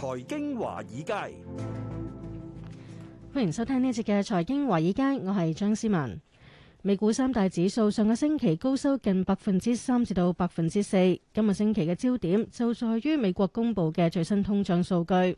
財經華爾街，歡迎收聽呢一節嘅財經華爾街，我係張思文。美股三大指數上個星期高收近百分之三至到百分之四，今個星期嘅焦點就在於美國公布嘅最新通脹數據。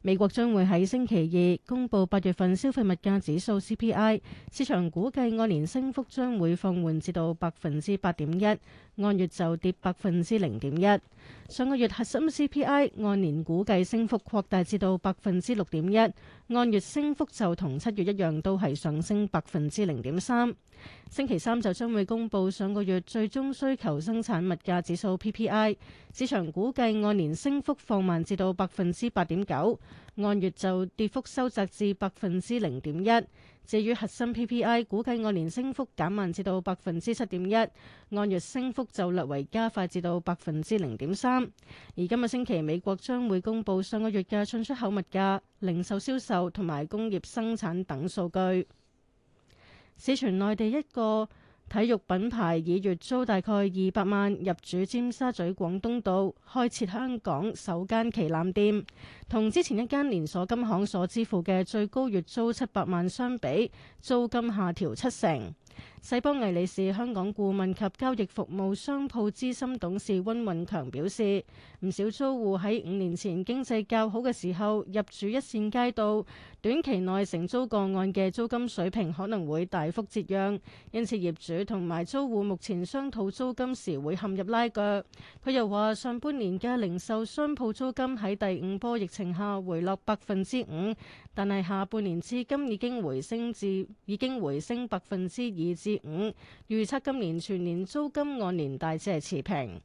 美國將會喺星期二公布八月份消費物價指數 CPI，市場估計按年升幅將會放緩至到百分之八點一。按月就跌百分之零點一，上個月核心 CPI 按年估計升幅擴大至到百分之六點一，按月升幅就同七月一樣，都係上升百分之零點三。星期三就將會公佈上個月最終需求生產物價指數 PPI，市場估計按年升幅放慢至到百分之八點九。按月就跌幅收窄至百分之零點一，至於核心 PPI，估計按年升幅減慢至到百分之七點一，按月升幅就略為加快至到百分之零點三。而今個星期，美國將會公佈上個月嘅進出口物價零售銷售同埋工業生產等數據，市場內地一個。體育品牌以月租大概二百萬入駐尖沙咀廣東道，開設香港首間旗艦店。同之前一間連鎖金行所支付嘅最高月租七百萬相比，租金下調七成。世邦魏理仕香港顧問及交易服務商鋪資深董事温永強表示：唔少租戶喺五年前經濟較好嘅時候入住一線街道，短期內承租個案嘅租金水平可能會大幅折讓，因此業主同埋租戶目前商討租金時會陷入拉鋸，佢又話上半年嘅零售商鋪租金喺第五波疫情下回落百分之五，但係下半年至今已經回升至已經回升百分之二。二至五，預測今年全年租金按年大只係持平。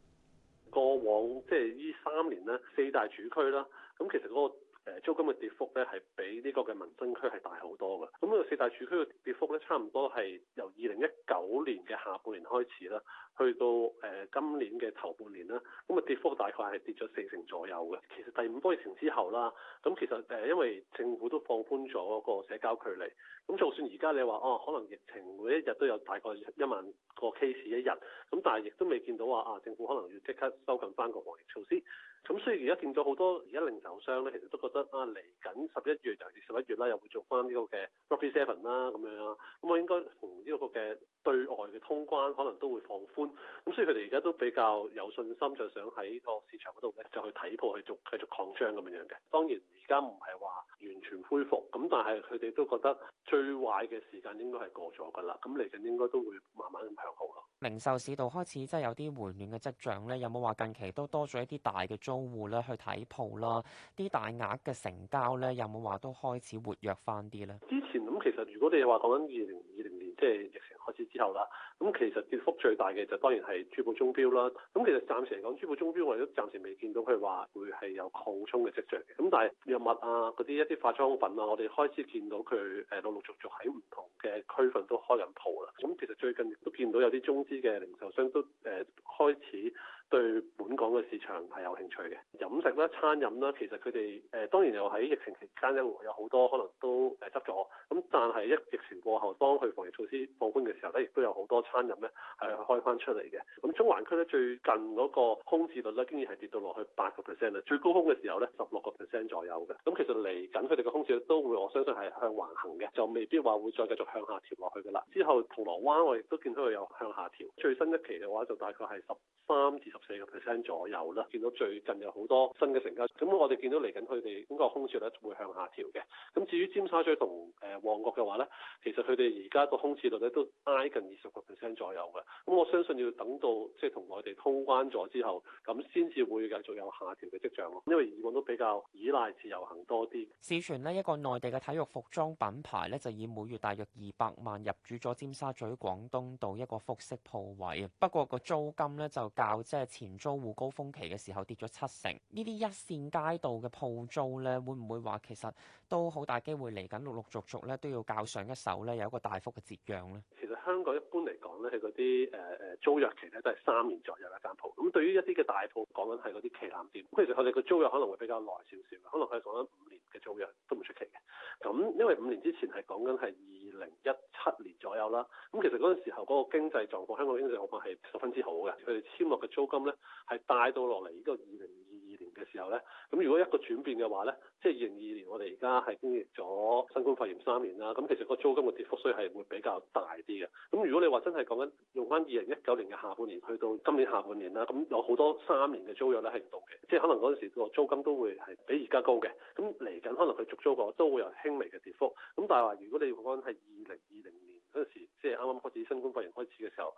過往即係呢三年呢，四大主區啦，咁其實嗰個誒租金嘅跌幅咧，係比呢個嘅民生區係大好多嘅。咁、那、呢個四大主區嘅跌幅咧，差唔多係由二零一九年嘅下半年開始啦。去到誒、呃、今年嘅頭半年啦，咁啊跌幅大概係跌咗四成左右嘅。其實第五波疫情之後啦，咁其實誒、呃、因為政府都放寬咗個社交距離，咁就算而家你話哦、啊，可能疫情每一日都有大概一萬個 case 一日，咁但係亦都未見到話啊政府可能要即刻收緊翻個防疫措施。咁雖然而家見咗好多而家零售商咧，其實都覺得啊嚟緊十一月尤其十一月啦、啊，又會做翻呢個嘅 Rocky Seven 啦、啊、咁樣啦。咁我應該同呢個嘅對外嘅通關可能都會放寬。咁、嗯、所以佢哋而家都比較有信心，就想喺個市場嗰度咧，就去睇鋪，去續繼續擴張咁樣樣嘅。當然而家唔係話完全恢復，咁、嗯、但係佢哋都覺得最壞嘅時間應該係過咗㗎啦。咁嚟緊應該都會慢慢向好咯。零售市道開始真係有啲回暖嘅跡象咧，有冇話近期都多咗一啲大嘅租戶咧去睇鋪啦？啲大額嘅成交咧，有冇話都開始活躍翻啲咧？之前咁其實如果你話講緊二零二零年即係、就是、疫情開始之後啦，咁其實跌幅最大嘅、就係誒當然係珠寶鐘表啦，咁其實暫時嚟講，珠寶鐘表我哋都暫時未見到佢話會係有擴充嘅跡象嘅，咁但係藥物啊、嗰啲一啲化妝品啊，我哋開始見到佢誒、呃、陸陸續續喺唔同嘅區份都開緊鋪啦，咁、嗯、其實最近都見到有啲中資嘅零售商都誒、呃、開始。對本港嘅市場係有興趣嘅飲食啦、餐飲啦，其實佢哋誒當然又喺疫情期間咧，有好多可能都誒執咗。咁、呃、但係一疫情過後，當佢防疫措施放寬嘅時候咧，亦都有好多餐飲咧係開返出嚟嘅。咁、嗯、中環區咧最近嗰個空置率咧，竟然係跌到落去八個 percent 啦，最高峰嘅時候咧，十六個 percent 左右嘅。咁、嗯、其實嚟緊佢哋嘅空置率都會我相信係向橫行嘅，就未必話會再繼續向下調落去㗎啦。之後銅鑼灣我亦都見到佢有向下調，最新一期嘅話就大概係十三至。十四個 percent 左右啦，見到最近有好多新嘅成交，咁我哋見到嚟緊佢哋嗰個空置率會向下調嘅。咁至於尖沙咀同誒旺角嘅話呢，其實佢哋而家個空置率咧都挨近二十個 percent 左右嘅。咁我相信要等到即係同內地通關咗之後，咁先至會繼續有下調嘅跡象咯。因為以往都比較依賴自由行多啲。市傳呢，一個內地嘅體育服裝品牌呢，就以每月大約二百萬入駐咗尖沙咀廣東道一個服飾鋪位。不過個租金呢，就較即係。前租戶高峰期嘅時候跌咗七成，呢啲一線街道嘅鋪租咧，會唔會話其實都好大機會嚟緊陸陸續續咧都要較上一手咧，有一個大幅嘅折讓咧？其實香港一般嚟講咧，係嗰啲誒誒租約期咧都係三年左右一間鋪。咁對於一啲嘅大鋪講緊係嗰啲旗艦店，其實佢哋嘅租約可能會比較耐少少，可能佢講緊五年嘅租約都唔出奇嘅。咁因為五年之前係講緊係零一七年左右啦，咁其實嗰陣時候嗰個經濟狀況，香港經濟狀況係十分之好嘅，佢哋簽落嘅租金咧，係帶到落嚟呢個二零嘅時候咧，咁如果一個轉變嘅話咧，即係二零二年我哋而家係經歷咗新冠肺炎三年啦，咁其實個租金嘅跌幅雖係會比較大啲嘅。咁如果你話真係講緊用翻二零一九年嘅下半年去到今年下半年啦，咁有好多三年嘅租約咧係唔同嘅，即係可能嗰陣時個租金都會係比而家高嘅。咁嚟緊可能佢續租個都會有輕微嘅跌幅。咁但係話如果你講緊係二零二零年。嗰陣時即係啱啱開始新冠肺炎開始嘅時候，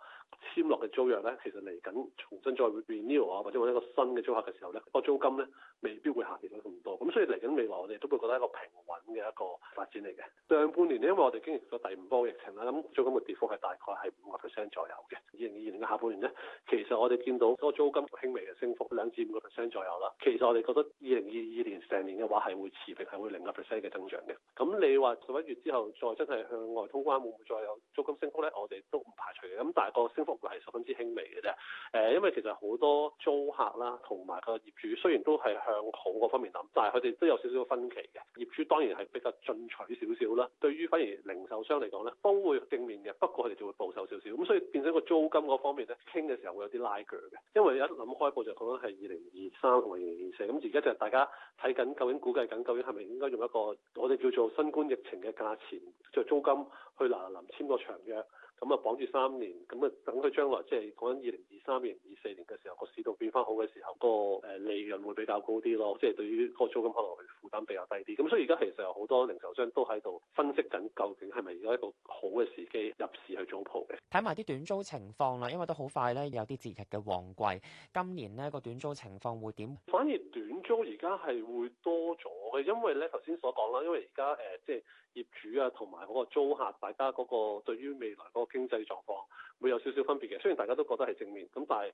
簽落嘅租約呢，其實嚟緊重新再 renew 啊，或者揾一個新嘅租客嘅時候呢，個租金呢未必會下跌到咁多。咁所以嚟緊未來我哋都會覺得一個平穩嘅一個發展嚟嘅。上半年呢，因為我哋經歷咗第五波疫情啦，咁租金嘅跌幅係大概係五個 percent 左右嘅。二零二二嘅下半年呢，其實我哋見到個租金輕微嘅升幅，兩至五個 percent 左右啦。其實我哋覺得二零二二年成年嘅話係會持平，係會零個 percent 嘅增長嘅。咁你話十一月之後再真係向外通關，會唔會再？有租金升幅咧，我哋都唔排除嘅。咁但係個升幅係十分之輕微嘅啫。誒、呃，因為其實好多租客啦，同埋個業主雖然都係向好嗰方面諗，但係佢哋都有少少分歧嘅。業主當然係比較進取少少啦。對於反而零售商嚟講咧，都會正面嘅。不過佢哋就會保守少少。咁所以變成個租金嗰方面咧，傾嘅時候會有啲拉鋸嘅。因為一諗開，本身就係二零二三同埋二零二四咁，而家就大家睇緊究竟估計緊究竟係咪應該用一個我哋叫做新冠疫情嘅價錢著、就是、租金。去嗱嗱臨簽個長約，咁啊綁住三年，咁啊等佢將來即係講緊二零二三年、二四年嘅時候，個市道變翻好嘅時候，個誒利潤會比較高啲咯，即係對於個租金可能負擔比較低啲。咁所以而家其實有好多零售商都喺度分析緊，究竟係咪而家一個好嘅時機入市去租鋪嘅？睇埋啲短租情況啦，因為都好快咧，有啲節日嘅旺季，今年呢個短租情況會點？反而短租而家係會多咗。因為咧頭先所講啦，因為而家誒即係業主啊同埋嗰個租客，大家嗰個對於未來嗰個經濟狀況會有少少分別嘅。雖然大家都覺得係正面，咁但係誒、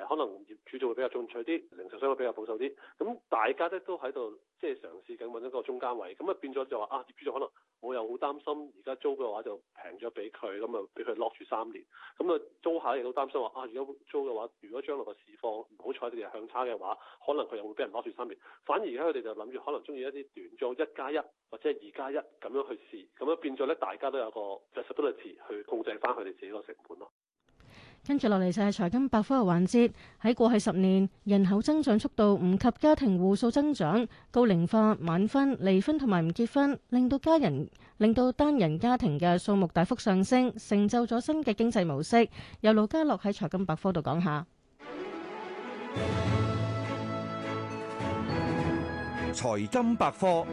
呃、可能業主就會比較進取啲，零售商會比較保守啲。咁大家咧都喺度即係嘗試緊揾一個中間位，咁啊變咗就話啊業主就可能。我又好擔心，而家租嘅話就平咗俾佢，咁啊俾佢 lock 住三年。咁啊租客亦都擔心話啊，如果租嘅話，如果將來個市況唔好彩，佢哋向差嘅話，可能佢又會俾人 lock 住三年。反而而家佢哋就諗住，可能中意一啲短租一加一或者係二加一咁樣去試，咁樣變咗咧，大家都有個嘅 stability 去控制翻佢哋自己個成本咯。跟住落嚟就係財金百科嘅環節，喺過去十年人口增長速度唔及家庭戶數增長，高齡化、晚婚、離婚同埋唔結婚，令到家人令到單人家庭嘅數目大幅上升，成就咗新嘅經濟模式。由盧家樂喺財金百科度講下。財金百科。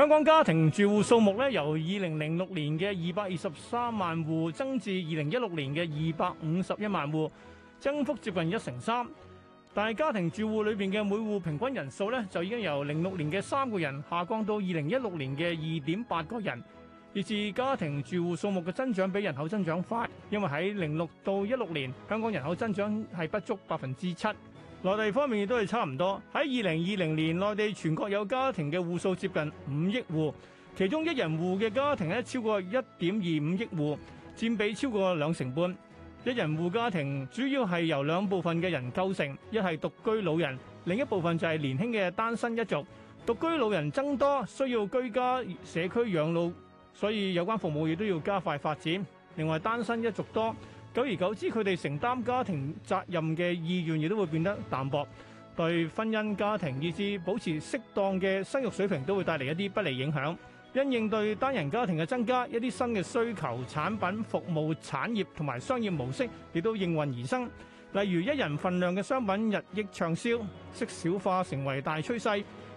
香港家庭住戶數目咧，由2006年嘅223萬戶增至2016年嘅251萬戶，增幅接近一成三。但係家庭住戶裏邊嘅每戶平均人數咧，就已經由零六年嘅三個人下降到二零一六年嘅二點八個人。以至家庭住戶數目嘅增長比人口增長快，因為喺零六到一六年，香港人口增長係不足百分之七。內地方面亦都係差唔多，喺二零二零年，內地全國有家庭嘅戶數接近五億戶，其中一人戶嘅家庭咧超過一點二五億戶，佔比超過兩成半。一人戶家庭主要係由兩部分嘅人構成，一係獨居老人，另一部分就係年輕嘅單身一族。獨居老人增多，需要居家社區養老，所以有關服務亦都要加快發展。另外，單身一族多。久而久之，佢哋承擔家庭責任嘅意願亦都會變得淡薄，對婚姻家庭以至保持適當嘅生育水平都會帶嚟一啲不利影響，因應對單人家庭嘅增加，一啲新嘅需求產品、服務產業同埋商業模式亦都應運而生，例如一人份量嘅商品日益暢銷，適小化成為大趨勢。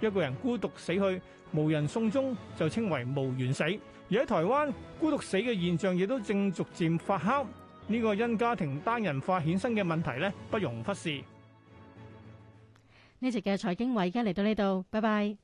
一個人孤獨死去，無人送終，就稱為無緣死。而喺台灣，孤獨死嘅現象亦都正逐漸發酵，呢個因家庭單人化衍生嘅問題咧，不容忽視。呢節嘅財經華爾街而家嚟到呢度，拜拜。